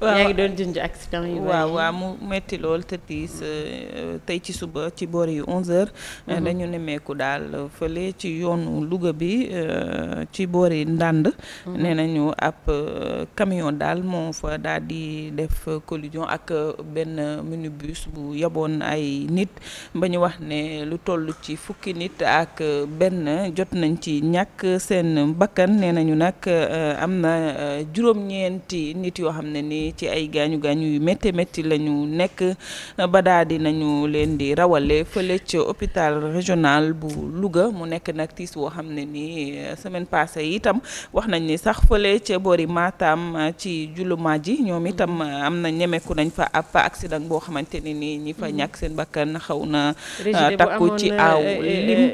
waaw yaa ngi doon junj accident yi. waaw waaw mu metti lool te tiis euh, tey ci suba ci boor yu 11h. Euh, mhm. dañu nemmeeku daal fële ci yoonu Louga bi euh, ci boor yi Ndànd. Mhm. nee nañu ab camion daal moo fa daal di def collision ak benn minibus bu yaboon ay nit ba ñu wax ne lu toll ci fukki nit ak benn jot nañ ci ñàkk seen bakkan nee nañu nag am na juróom-ñeenti nit yoo xam ne ni. bari ci ay gaañu gaañu yu métti métti la ñu nekk ba daal di nañu leen di rawale fële ca hôpital régional bu Louga mu nekk nag tiis woo xam ne ni euh, semaine passée itam wax nañ ni sax fële ca boori Matam euh, ci julumaa ji ñoom itam mm-hmm. euh, am na ñemeku nañ fa ab accident boo xamante ni nii ñi fa mm-hmm. ñàkk seen bakkan xaw na takku ci aw lim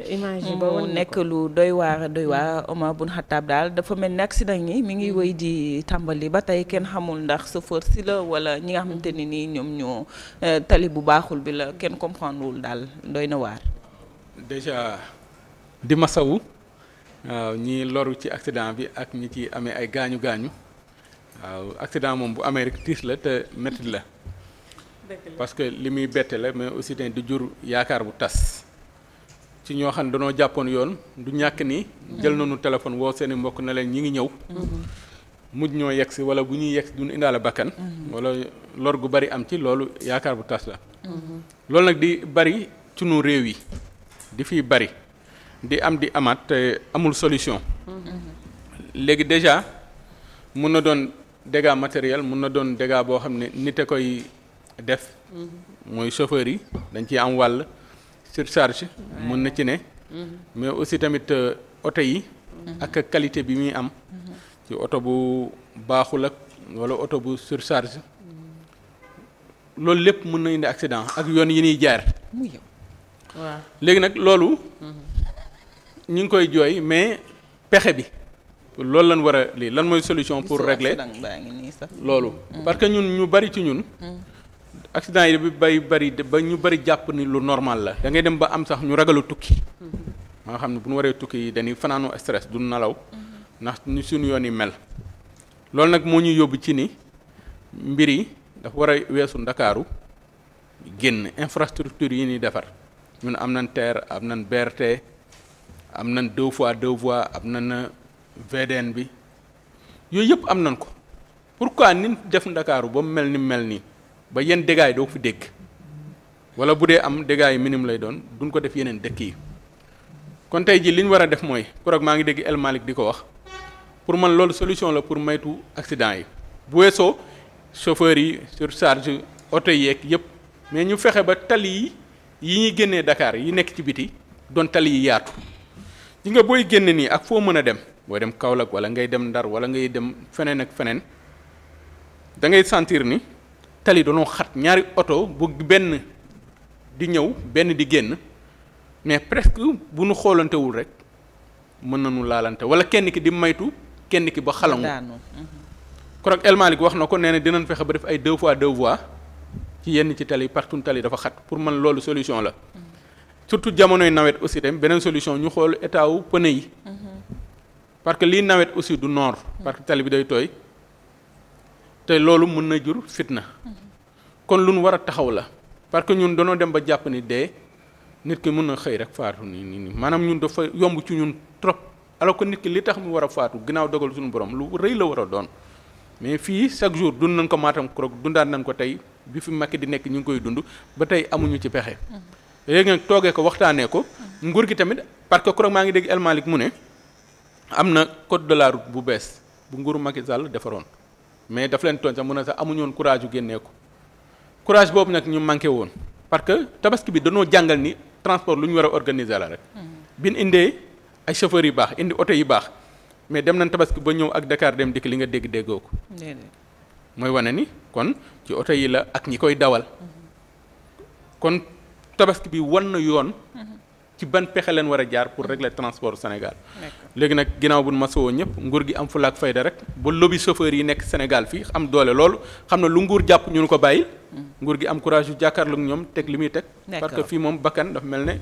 mu nekk lu doy waar doy mm-hmm. waar Omar Bun Xataab daal dafa mel ni accident yi mi ngi wéy di tàmbali ba tey kenn xamul ndax chauffeur si la wala ñi nga xamante ni nii ñoom ñoo euh, tali bu baaxul bi la kenn comprendre wul daal doy na waar. déjà di masawu waaw ñi loru ci accident bi ak ñi ci amee ay gaañu gaañu waaw accident moom bu amee tiis la te métti la. parce que li muy bette la mais aussi tamit di jur yaakaar bu tas. ci ñoo xam ne danoo jàppoon yoon du ñàkk ni. jël nañu téléphone woo seen i mbokk na leen ñi ngi ñëw. Mm-hmm. mujj ñoo yegg si wala bu ñuy yegg si duñu indaale bakkan mhm. wala lor gu bari am ci loolu yaakaar bu tas la mhm. loolu nag di bari ci nu réew yi di fi bari di am di amaat te amul solution mhm. léegi déjà mun na doon dégâts matériels mun na doon dégâts boo xam ne nit a koy def mooy chauffeur yi dañ ci am wàll surcharge mun na ci ne mais aussi tamit euh, oto yi ak qualité bi muy am ci oto bu baaxul ak wala oto bu surcharge loolu lépp mën na indi accident ak yoon yi ñuy jaar. léegi nag loolu. ñu ngi koy jooy mais pexe bi. loolu lan war a lii lan mooy solution pour régler loolu mm. parce que ñun ñu bari ci ñun mm. accident yi bi bay bari ba ñu bari jàpp ni lu normal la da ngay dem ba am sax ñu ragalu tukki mm-hmm. maa xam ne bu ñu waree tukki yi dañuy fanaanu stress du nelaw mm. ndax ñu suñu yoon yi mel loolu nag moo ñu yóbbu ci ni mbir yi dafa war a weesu ndakaaru génn infrastructure yi ñuy defar ñun am na TER am nañ BRT am na deux fois deux voies am na veden bi yooyu yëpp am nañ ko pourquoi nin def ndakaaru ba mu mel ni mel nii ba yenn dégâts doo fi dégg wala bu dee am dégâts yi minimum lay doon duñ ko def yeneen dëkk yi kon tey jii li ñu war a def mooy keroog maa ngi dégg El Malick di ko wax pour man loolu solution la pour maytu accident yi bu weesoo chauffeurs yi surcharge oto yeeg yëpp mais ñu fexe ba tali yi yi ñuy génnee dakaar yi nekk ci biti doon tali yi yaatu li nga booy génn nii ak foo mën a dem booy dem Kaolack wala ngay dem Ndar wala ngay dem feneen ak feneen da ngay sentir ni tali dañoo xat ñaari oto bu benn di ñëw benn di génn mais presque bu nu xoolantewul rek mën nañu laalante wala kenn ki di maytu. kenn ki ba xalangu mhm. korog El Malick wax na ko nee na dinañ fexe ba def ay deux fois deux voies ci yenn ci tali partout tali dafa xat pour man loolu solution la mhm. surtout jamonoy nawet aussi dem beneen solution ñu xool état wu yi mhm. parce que lii nawet aussi du noor parce que tali bi day tooy te loolu mun na jur fitna kon lu nu war a taxaw la parce que ñun danoo dem ba jàpp ni dee nit ki mën na xëy rek faatu ni ni maanaam ñun dafa yomb ci ñun trop alors que nit ki li tax mu war a faatu ginnaaw dogal suñu borom lu rëy la war a doon mais fii chaque jour dund nañ ko Matam Croc dundaat nañ ko tey bi fi Macky di nekk ñu ngi koy dund ba tey amuñu ci pexe. Mm-hmm. léegi nag toogee ko waxtaanee ko. nguur gi tamit parce que Croc maa ngi dégg El Malick mu ne am na code de la route bu bees bu nguuru Macky sàll defaroon mais daf leen tooñ sax mu a sax amuñu woon courage yu génnee ko courage boobu nag ñu manqué woon parce que tabaski bi danoo jàngal ni transport lu ñu war a organiser la ay chauffeurs yu baax indi oto yu baax mais dem nañ tabaski ba ñëw ak Dakar dem dikk li nga dégg déggoo ko. mooy wane ni kon ci oto yi la ak ñi koy dawal. kon tabaski bi wan na yoon. ci ban pexe leen war a jaar pour régler transport Sénégal. léegi nag ginnaaw bu ma sowoo ñëpp nguur gi am fulaak fayda rek ba lobby chauffeur yi nekk Sénégal fii am doole loolu xam na lu nguur jàpp ñu nu ko bàyyi. Mm. nguur gi am courage yu jàkkaarloog ñoom teg li muy teg. parce que fii moom bakkan dafa mel ne.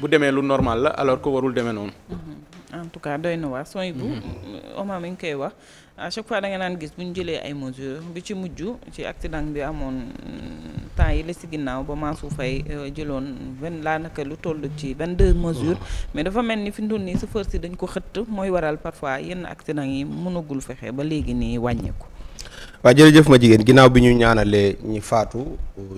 bu demee lu normal la alors ko warul demee noonu. Mm-hmm. en tout cas doy na waar sooy bu mm-hmm. Omar mi ngi koy wax à chaque fois da nga naan gis bu ñu jëlee ay mesures bi ci mujj ci accident bi amoon mm, temps yi la si ginnaaw ba Mansour Faye euh, jëloon benn daanaka lu toll ci vingt deux mesures mm-hmm. mais dafa mel ni fi ndul nii chauffeur si dañ ko xëtt mooy waral parfois yenn accident yi mënagul fexe ba léegi nii wàññeeku. waaw jërëjëf ma jigéen ginnaaw bi ñu ñaanalee ñi faatu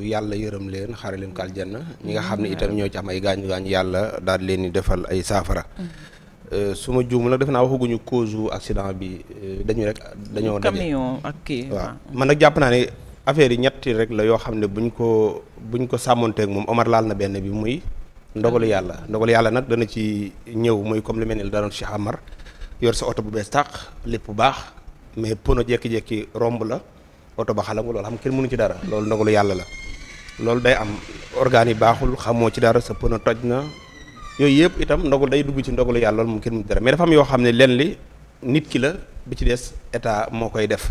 yàlla yërëm leen xare leen ko aljanna ñi nga xam ne itam ñoo ci am ay gaañu gaañu yàlla daal di di defal ay saafara. Mm-hmm. Euh, su ma juum nag defe naa waxaguñu cause bi euh, dañu dañoo daje camion ak waaw man nag jàpp naa ne affaire yi ñetti rek la yoo xam ne buñ ko buñ ko sàmmanteeg moom Omar laal na benn bi muy. ndogalu mm-hmm. yàlla ndogalu yàlla nag dana ci ñëw muy comme lu mel ni la danoon Cheikh Amar yor sa oto bu bees tàq lépp bu baax. mais pono jékki-jékki romb la oto ba xalangu loolu xam kenn mënu ci dara loolu ndogalu yàlla la loolu day am organes yi baaxul xamoo ci dara sa pono toj na yooyu yëpp itam ndogul day dugg ci ndogalu yàlla loolu moom kenn mënu ci dara mais dafa am yoo xam ne leen li nit ki la bi ci des état moo koy def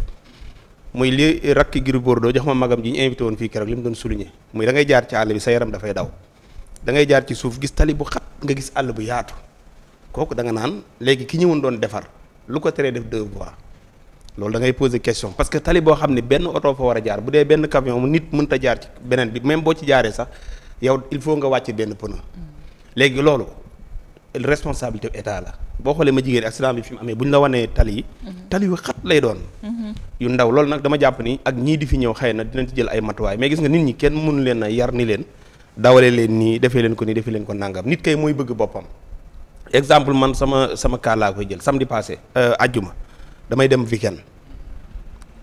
muy li rakki Gris Bordeaux jox ma magam ji ñu invité woon fii keroog li mu doon souligné muy dangay ngay jaar ci àll bi sa yaram dafay daw da ngay jaar ci suuf gis tali bu nga gis àll bu yaatu kooku da nga naan léegi ki ñëwoon doon defar lu ko teree def deux voies loolu dangay ngay poser question parce que tali boo xam ne benn oto fa war a jaar bu dee benn camion mu nit mënta jaar ci beneen bi même boo ci jaaree sax yow il faut nga wàcc benn pneu. léegi loolu responsabilité état la boo xoolee ma jigéen accident bi fi mu amee bu ñu la wanee tali yi. Mhm. tali yu xat lay doon. Mhm. yu ndaw loolu nag dama jàpp ni ak ñii di fi ñëw xëy na dinañ ci jël ay matuwaay mais gis nga nit ñi kenn mënu leen a yar ni leen dawalee leen nii defee leen ko nii leen ko nangam nit kay bëgg boppam exemple man sama sama cas laa koy jël samedi passé euh, ajjuma. damay dem weekend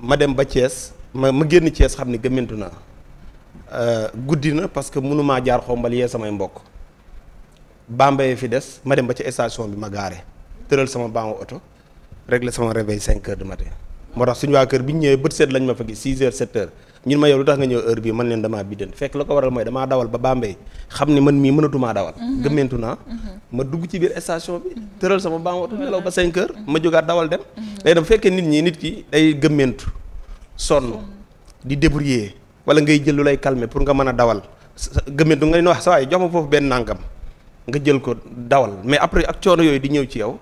ma dem ba Thiès ma ma génn Thiès xam ni gëmmentu naa euh, guddi na parce que mënumaa jaar xombal yee samay mbokk Bambey fi des ma dem ba ci station bi ma gaare tëral sama bangu oto régler sama réveil 5 heures du matin moo tax suñu waa kër bi ñu ñëwee bët seet lañ ma fa gis 6 heures 7 ñun ma yow lu tax nga ñëw heure bii man leen damaa biddan fekk la ko waral mooy damaa dawal ba Bambey xam ne man mii mënatumaa dawal mhm. gëmmentu naa mhm. ma dugg ci biir station tëral sama ban watu nelaw ba cinq heures mhm. ma jógaat dawal dem léegi bu fekkee nit ñi nit ki day gëmmentu sonn di débrouiller wala ngay jël lu lay calmer pour nga mën a dawal gëmmentu nga ne wax sa waay jox ma foofu benn nàngam nga jël ko dawal mais après ak coono yooyu di ñëw ci yow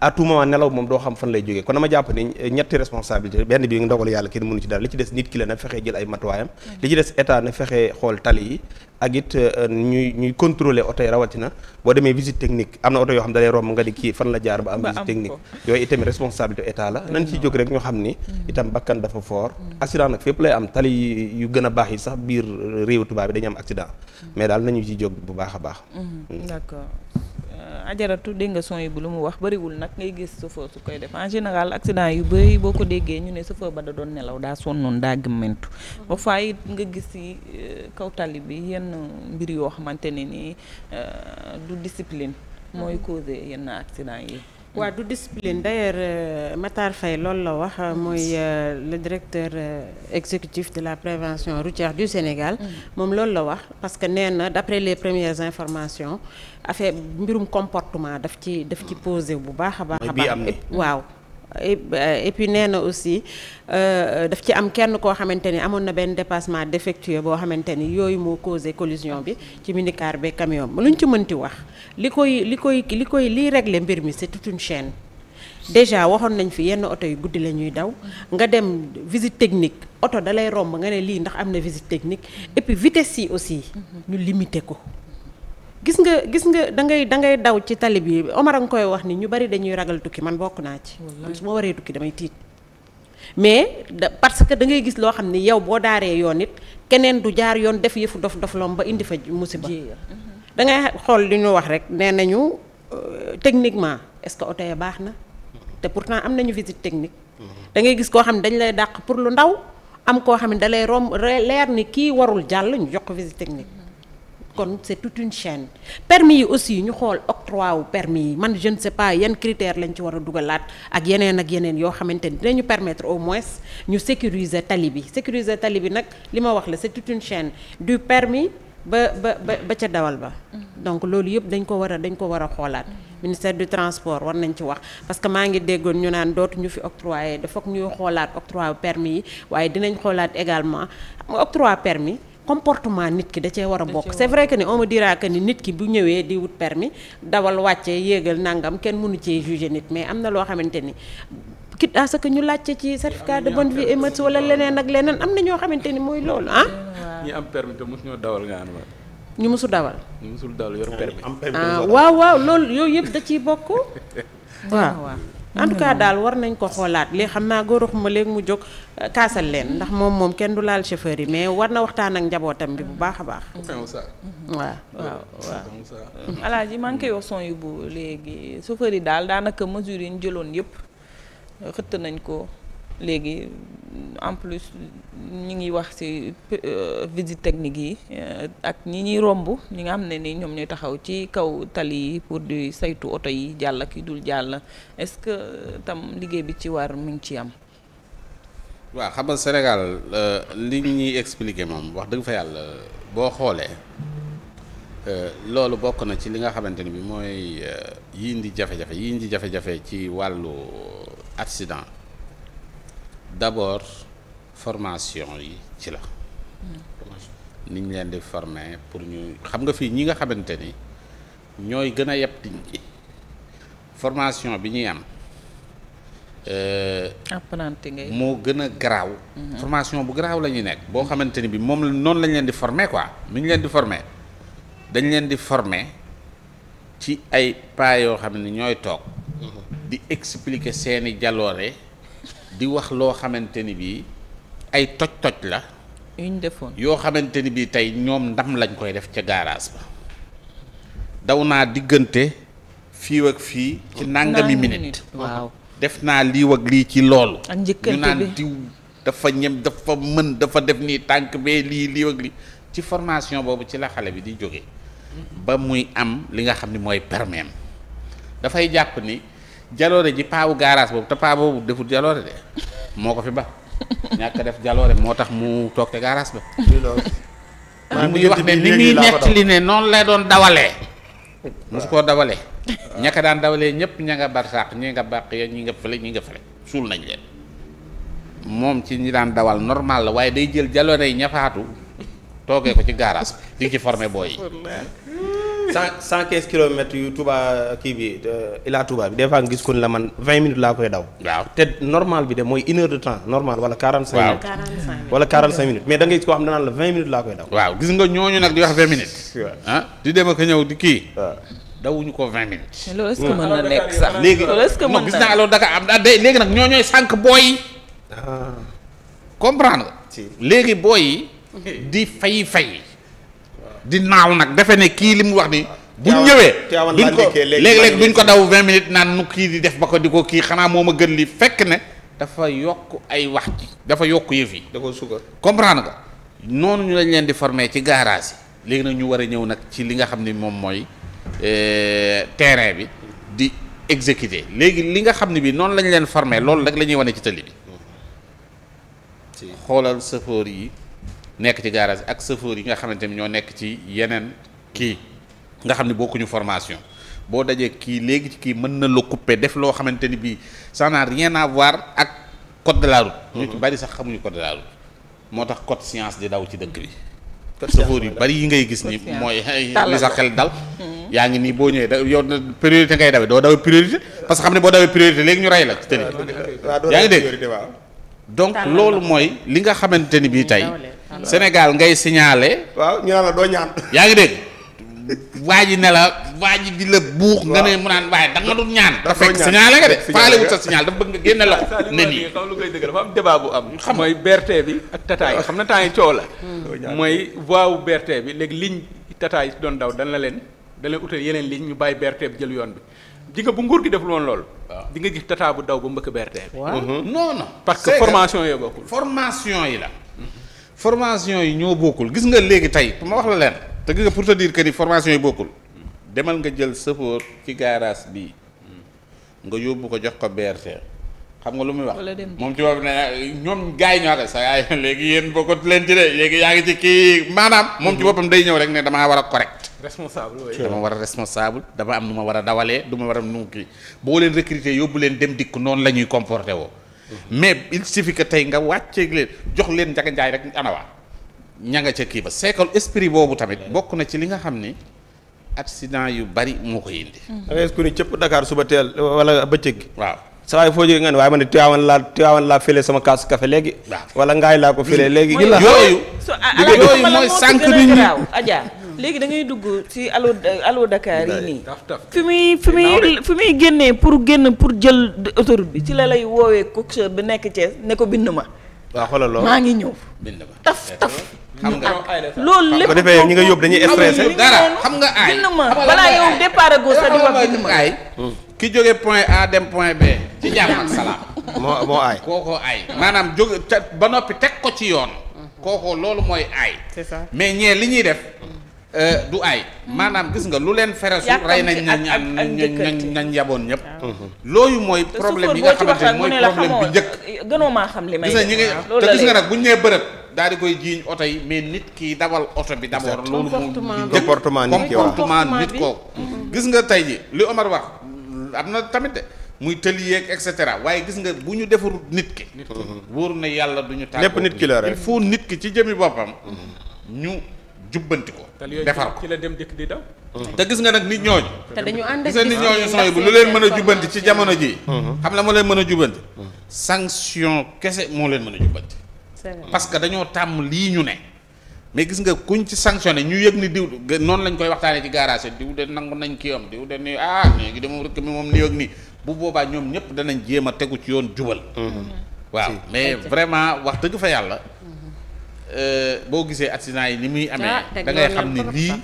à tout moment nelaw moom doo xam fan lay jógee kon dama jàpp ni eh, ñetti responsabilité benn bi ndogalu yàlla kenn mënu ci dara li ci des nit ki la na fexe jël ay matuwaayam mm-hmm. li ci des état na fexe xool tali yi ak it eh, eh, ñuy ñuy contrôler yi rawatina boo demee visite technique am na oto yoo xam dalay romb nga di kii fan la jaar ba am visite technique yooyu itam responsabilité état la nañ ciy jóg rek ñu xam ni mm-hmm. itam bakkan dafa fort mm-hmm. accident nag a a ajaratu dégg nga son yi bu lu mu wax bariwul nag ngay gis chauffeur su koy def en général accident yu bëri boo ko déggee ñu ne chauffeur ba da doon nelaw daa sonnoon daa gëmmentu mm-hmm. ba faa it nga gis ci euh, kaw tali bi yenn mbir yoo xamante ne nii euh, du discipline mooy mm-hmm. causé yenn accident yi waaw du discipline d'ailleurs euh, Matar fay loolu la wax euh, mooy euh, le directeur exécutif de la prévention routière du Sénégal mm. moom loolu la wax parce que nee na d'après les premières informations affaire mbirum comportement daf ci daf ci posé bu baax a baax a baax waaw Euh, et puis nee na aussi euh, daf ci am kenn koo xamante ni amoon na benn dépassement défectueux boo xamante ni yooyu moo causé collision bi ci minicar bi camion bi lu ñu ci mënti wax li koy li koy li koy liy régler mbir mi c'est toute chaine chaîne déjà waxoon nañ fi yenn oto yi guddi la ñuy daw nga dem visite technique oto dalay romb nga ne lii ndax am na visite technique et puis vitesse aussi ñu limité ko. gis nga gis nga da ngay da ngay daw ci tali bi omara a nga koy wax ni ñu bari dañuy ragal tukki man bokk naa ci. man su ma waree tukki damay tiit. mais da parce que da ngay gis loo xam ni yow boo daaree yoon it keneen du jaar yoon def yëfu dof dof lom ba indi fa musiba. da ngay xool li ñu wax rek nee nañu euh, techniquement est-ce que oto ya baax na. te pourtant am nañu visite technique. dangay gis koo xam ne dañ lay dàq pour lu ndaw am koo xam ne da lay romb leer ni kii warul jàll ñu jox ko technique. kon c'est tout une chaine permis yi aussi ñu xool octroi wu permis yi man jeune ne pas yan critères lañ ci war a dugalaat ak yeneen ak yeneen yoo xamante ni dinañu permettre au moins ñu sécuriser tali bi sécuriser tali bi nag li ma wax la c'est toute une du permis ba ba ba ca dawal ba donc loolu yëpp dañ ko war a dañ ko war a xoolaat ministère du transport war nañ ci wax parce que maa ngi déggoon ñu naan dootu ñu fi octroyé dafa ñuy xoolaat octroi permis yi waaye dinañ xoolaat également xam nga permis comportement nit ki da cee war a bokk c'est vrai que ni on me dira ni nit ki bu ñëwee di wut permis dawal wàcce yéegal nangam kenn mënu cee juger nit mais am na loo xamante ni quitte à que ñu laajte ci certificat de bonne vie et mœurs wala leneen ak leneen am na ñoo xamante ni mooy loolu ah ñi am permis te mos ñoo ñu mosul dawal ñu mosul dawal yor ah, permis ah, waaw waaw loolu yooyu yëpp da ciy bokk waaw en tout cas daal war nañ ko xoolaat léegi xam naa góor xuma léegi mu jóg euh, kaasal leen ndax moom moom kenn du laal chauffeur yi mais war na waxtaan ak njabootam bi bu baax a baax. waaw waaw waaw. yi maa ngi koy wax son bu léegi chauffeur yi daal daanaka mesures yi ñu jëloon yëpp xëtt nañ ko. léegi en plus ñu ngi wax ci euh, visite technique yi euh, ak ñi ñuy romb ñi nga xam ne ni ñoom ñooy taxaw ci kaw tali yi pour di saytu oto yi jàll ak yi dul jàll est-ce que euh, tam liggéey bi ci war mu ngi ci am. waaw xam nga Sénégal li ñuy expliquer moom wax dëgg fa yàlla boo xoolee loolu bokk na ci li nga xamante ni bi mooy yi indi jafe-jafe yi indi jafe-jafe ci wàllu accident. d'abord formation yi ci la. ni ñu leen di former pour ñu xam nga fii ñi nga xamante ni ñooy gën a yeb nit formation bi ñuy am. Euh, apprenti ngay moo gën a garaaw. Mhm. formation bu garaaw la ñuy nekk boo xamante ni bi moom noonu lañu leen di former quoi mi ñu leen di former dañ leen di former ci ay pas yoo xam ne ñooy toog. Mhm. di expliquer seeni jaloore. di wax loo xamante ni bii ay toj-toj la. yuñ defoon yoo xamante ni bii tey ñoom ndam lañ koy def ca garage ba. daw naa diggante fii ak fii. ci nangami minute def naa lii ak lii ci loolu. ak njëkkante bi ñu naan diw dafa ñem dafa mën dafa def nii tànk bee lii lii ak lii ci formation boobu ci la xale bi di jóge ba muy am li nga xam ni mooy permis dafa jàpp ni. jaloore ji paawu gaaraas boobu te paa boobu deful jaloore de moo ko fi ba ñàkk def jaloore moo tax mu toog te garage ba. li muy wax ne ni muy ne noonu lay doon dawalee. mosu koo dawalee. Ah. ñaka daan dawalee ñëpp ña nga bar bàq ya ñi nga fële ñi nga fële suul nañ moom ci ñi daan dawal normal la waaye day jël jaloore yi ñafaatu toogee ko ci garage bi di ci formé booy yi. cent cent quinze kilomètres yu Touba kii bi euh, Ila Touba bi des fois nga gis ko ni la man vingt minutes laa koy daw. waaw te normal bi de mooy une heure de temps normal wala quarante cinq minutes. wala quarante cinq mais da ngay gis koo xam ne naan la vingt minutes laa koy daw. waaw gis nga ñooñu nag di wax vingt minutes. Ah, di dem ak ñëw di kii. dawuñu ko vingt minutes. Hmm. sax. léegi ce que mën gis naa loolu am ah, léegi nag ñoo ñooy sànq booy yi. Ah. comprendre nga. léegi booy yi. di fay fay. di naaw nag defe ne kii li mu wax ni bu ñëwee duñ ko léeg-léeg duñ ko daw vingt minutes naan nu kii di def ba ko di ko kii xanaa moom a gën li fekk ne dafa yokk ay wax ci dafa yokk yëf yi da ko sukkar comprendre nga noonu ñu lañ leen di forme ci garage yi léegi nag ñu war a ñëw nag ci li nga xam ni moom mooy eh, terrain bi di exécuter léegi li nga xam ne bi noonu lañ leen former loolu rek la ñuy wane ci tëli bi mm-hmm. xoolal sëfoor yi nekk ci garage ak chauffeur yi nga xamante ni ñoo nekk ci yeneen kii nga xam ne bokkuñu formation boo dajee kii léegi ci kii mën na lu couper def loo xamante ni bii ça n'a rien à ak code de la mm-hmm. bari sax xamuñu code de moo tax code science di daw ci dëkk bi. chauffeur yu bari yi ngay gis ni mooy li sa xel dal. Mm-hmm. yaa ngi nii boo ñëwee da yow priorité ngay dawee doo dawee priorité parce que xam ne boo dawee priorité léegi ñu rey la ci tëri yaa ngi dégg donc loolu mooy li nga xamante ni bii tey Sénégal ngay siñaale waaw ñu naan la doo ñaan. yaa ngi dégg waa ji ne la waa ji di la buux. nga ne mu naan waaye da nga doon ñaan. da fekk signalé nga de dafa la ko. ne nii xam lu am débat bu am. xam mooy BRT bi ak Tata yi xam na temps yi coow la. Hmm. mooy voie wu BRT bi léegi liñ Tata yi doon daw dan na leen da leen utal yeneen ligne ñu bàyyi BRT bi jël yoon bi. di bu nguur gi def woon loolu. waaw nga gis tata bu daw ba mbëkk BRT bi. Mm-hmm. non parce que formation yee bokkul. formation yi la. formation yi ñoo bokkul gis nga léegi tey pour ma wax la leen te gis pour te dire que ni formation yi bokkul demal nga jël sëfoor ci gaaraas bii nga yóbbu ko jox ko BRT xam nga lu muy wax moom ci boobu ne ñoom gars yi ñoo xam sa yaay léegi yéen bokkut leen ci léegi yaa ngi ci kii maanaam moom ci boppam day ñëw rek ne damaa war a correct responsable dama war a responsable dama am nu ma war a dawalee du ma war a nu boo leen recruter yóbbu leen dem dikk noonu la ñuy comporté woo mais il suffit que tey nga wàcceeg leen jox leen njaga njaay rek anawaa ña nga ca kii ba seekal esprit boobu tamit bokk na ci li nga xam ni accident yu bari moo ko yindi da ngay ku cëpp Dakar suba teel wala bëccëg gi waaw sa waay foo jógee nga ne waaye man ne Tiwaawan laa Tiwaawan laa file sama kaasu café léegi. wala ngaay laa ko file léegi. yooyu yooyu mooy sànq nit léegi da ngay dugg ci allo allo Dakar yi nii. fi muy fi muy fi muy génnee pour génn pour jël autoroute bi ci la lay woowee coxeur bi nekk Thiès ne ko bind ma. waa xoolal loolu maa ngi ñëw. bind ma taf taf. xam nga loolu lépp bu defee ñi nga yóbbu dañuy stressé dara xam nga aay bind ma ay hmm. ki jóge point A dem point B ci jàmm ak salaam moo moo aay kookoo maanaam jóge ba noppi teg ko ci yoon hmm. kookoo loolu mooy aay mais ñee li ñuy def Euh, du ay maanaam gis nga lu leen feresu rey nañ nañ nañ yaboon ñëpp loolu mooy problème yi nga xamante ne mooy problème bi njëkk gënoo maa xam li may gis nga ñi nga te gis nga nag bu ñu nee bërëb daal di koy jiiñ oto yi mais nit kii dawal oto bi d'abord loolu moom comportement nit gis nga tey ji li Omar wax am na tamit de muy tëli yeeg et cetera waaye gis nga bu ñu defur nit ki mm-hmm. wóor na yàlla du ñu tàgg lépp nit ki la rek il nit ki ci jëmi boppam mm-hmm. ñu jubbanti ko. defar ko ci la dem dëkk di daw. te gis nga nag nit ñooñu. te dañu ànd ak gis nga nit ñooñu sooy bu lu leen mën a jubbanti ci jamono ji mm-hmm. xam la moo leen mën a jubbanti. Mm-hmm. sanction kese moo leen mën a jubbanti. parce que dañoo tàmm lii ñu ne. mais gis nga kuñ ci sanctionné ñu yëg ni diw noonu lañ koy waxtaanee ci garage diw de nangu nañ kii am diw de ni ah léegi de moom rek mi moom nii ak nii bu boobaa ñoom ñëpp danañ jéem a tegu ci yoon jubal. Mm-hmm. waaw mais vraiment wax dëgg fa yàlla. Euh, boo gisee accident yi ni muy amee ah, da ngay xam ne lii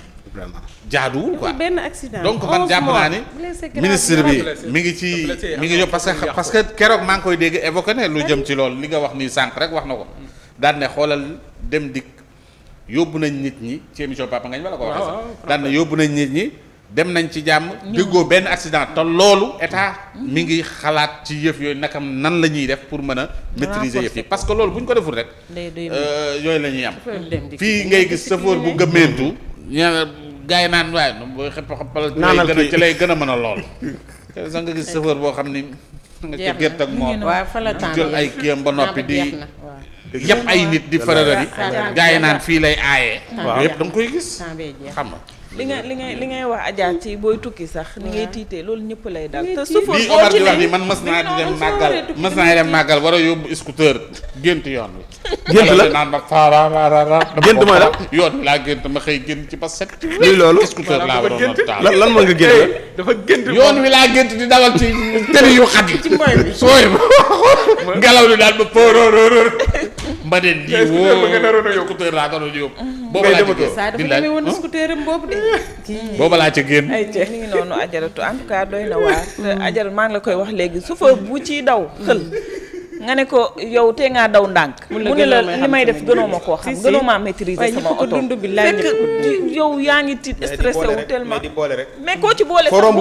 jaaduwul quoi donc man jàpp naa ni ministre bi mi ngi ci mi ngi yóbbu parce que parce que keroog maa ngi koy dégg évoqué ne lu jëm ci loolu li nga wax nii sànq rek wax na ko daan ne xoolal dem dikk yóbbu nañ nit ñi ci émission Papa Ngagne ma la ko waxee sax ah, ah, daan yóbbu nañ nit ñi dem nañ ci jàmm déggoo benn accident te loolu état mm-hmm. mi ngi xalaat ci yëf yooyu nakam nan la ñuy def pour mën a maîtriser yëf yi parce que loolu bu ñu ko deful rek euh, yooyu la ñuy am fii ngay gis safoor bu gëmmeentu mm-hmm. ña gars yi naan waaye booy xëpp xëppal gën a ci lay gën a mën a lool sax nga gis safoor boo xam ni nga gerte gert ak moom jël ay kiyam ba noppi di yëpp ay nit di fararari gars yi naan fii lay aayee yëpp danga koy gis xam nga li nga li ngay li ngay wax Adja ci booy tukki sax. ni ngay tiitee loolu ñëpp lay dal. te su foofu boo ci ne man mas naa di dem màggal mas naa dem màggal war a yóbbu scooter gént yoon wi. gént la naan la yoon laa ci ba set lii loolu scooter a taal lan lan mooy nga gént dafa gént yoon wi laa gént di dawal ci tëri yu xat yi sooy mm-hmm. boobu de booba laa ci génn ay mi ngi noonu ajaratu en doy na waar ajarat maa ngi la koy wax léegi su fa bu ci daw xël nga ne ko yow tee ngaa daw ndànk. mu ne la li may def gënoo ma koo xam gënoo maa maîtriser sama oto fekk yow yaa ngi tiit stressé wu tellement mais koo ci boole sax boo romb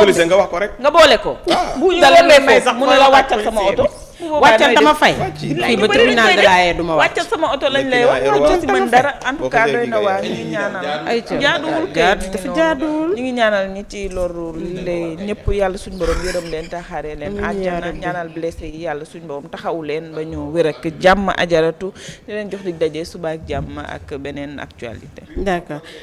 police nga wax ko rek nga boole ko ah. bu ñu may sax mu ne la wàccal sama oto wàccal dama fay. fii ba tribunal de la du ma wàcc. wàccal sama oto lañ lay wax doo ci mën dara en tout ñu ngi ñaanal. ay jaaduwul kay dafa jaaduwul. ñu ngi ñaanal ñi ci loru lay ñëpp yàlla suñu borom yërëm leen taxaaree leen. àjjana ñaanal blessé yi yàlla suñ borom taxawu leen ba ñu wér ak jàmm ajaratu di leen jox dig daje suba ak jàmm ak beneen actualité.